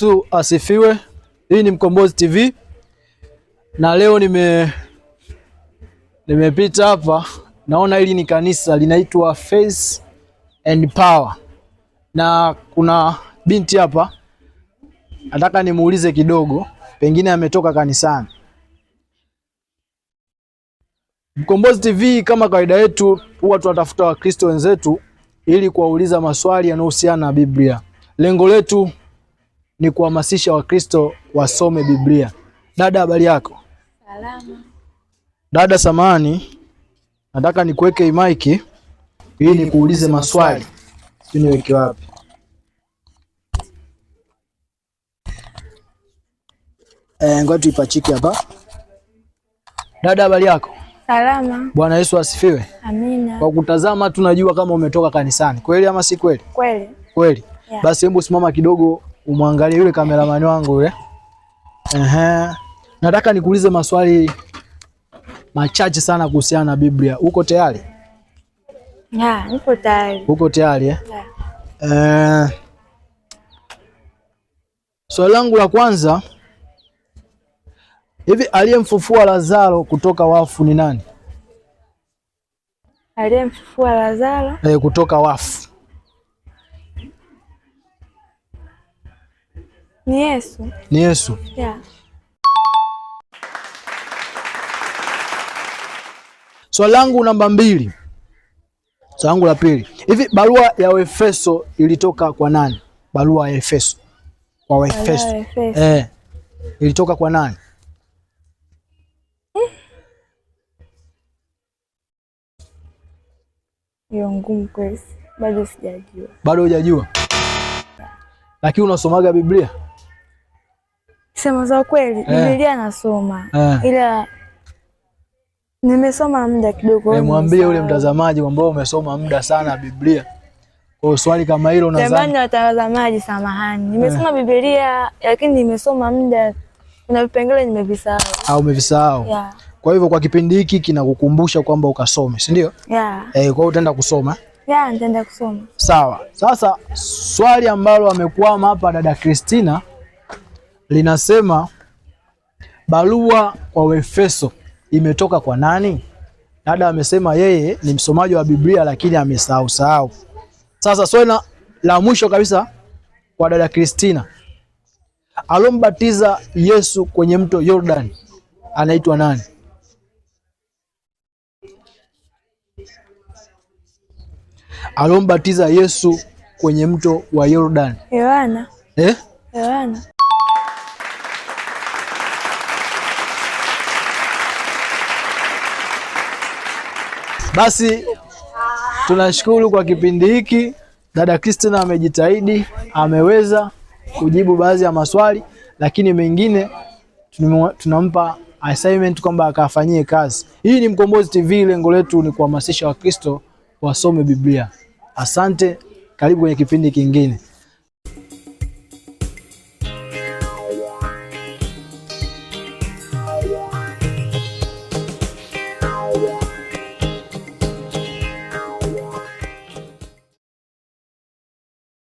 Yesu asifiwe. Hii ni Mkombozi TV na leo nime nimepita hapa, naona hili ni kanisa linaitwa Faith and Power, na kuna binti hapa nataka nimuulize kidogo, pengine ametoka kanisani. Mkombozi TV kama kawaida yetu huwa tunatafuta Wakristo wenzetu ili kuwauliza maswali yanayohusiana na Biblia. Lengo letu ni kuhamasisha Wakristo wasome Biblia. Dada, habari yako? Salama. Dada, samani nataka nikuweke imaiki ili nikuulize maswali. Sijui niweke wapi. Eh, ngoja tuipachike hapa. Dada, habari yako? Salama. Bwana Yesu asifiwe. Amina. Kwa kutazama tunajua kama umetoka kanisani, kweli ama si kweli? Kweli. Kweli. Yeah. Basi hebu simama kidogo umwangalie yule kameramani wangu yule. Ehe, nataka nikuulize maswali machache sana kuhusiana na Biblia. Uko tayari? Ya, niko tayari. Uko tayari eh? Eh, swali langu la kwanza, hivi aliyemfufua Lazaro kutoka wafu ni nani? Aliyemfufua Lazaro eh, kutoka wafu Ni Yesu. Ni Yesu. Yeah. Swali so langu namba mbili. Swali so langu la pili. Hivi barua ya Efeso ilitoka kwa nani? Barua ya Efeso. Kwa Efeso. Eh. Ilitoka kwa nani? Hmm. Hiyo ngumu Bado sijajua. Bado hujajua? Lakini unasomaga Biblia? Sema za kweli, eh. Biblia nasoma eh. ila nimesoma muda kidogo. Nimwambie yule mtazamaji kwamba umesoma muda sana Biblia. Kwa swali kama hilo nadhani. Jamani watazamaji, samahani. Nimesoma eh. Biblia lakini nimesoma muda kuna vipengele nimevisahau. Ah, umevisahau. Yeah. Kwa hivyo kwa kipindi hiki kinakukumbusha kwamba ukasome, si ndio? Yeah. Eh, kwa hiyo utaenda kusoma. Yeah, nitaenda kusoma. Sawa. Sasa swali ambalo amekwama hapa dada Christina linasema barua kwa Waefeso imetoka kwa nani? Dada amesema yeye ni msomaji wa Biblia lakini amesahau sahau. Sasa swali la mwisho kabisa kwa dada Kristina, alombatiza Yesu kwenye mto yordan anaitwa nani? Alombatiza Yesu kwenye mto wa Yordan? Yohana. Eh? Yohana. Basi tunashukuru kwa kipindi hiki. Dada Christina amejitahidi, ameweza kujibu baadhi ya maswali, lakini mengine tunampa assignment kwamba akafanyie kazi. Hii ni Mkombozi TV, lengo letu ni kuhamasisha Wakristo wasome Biblia. Asante, karibu kwenye kipindi kingine.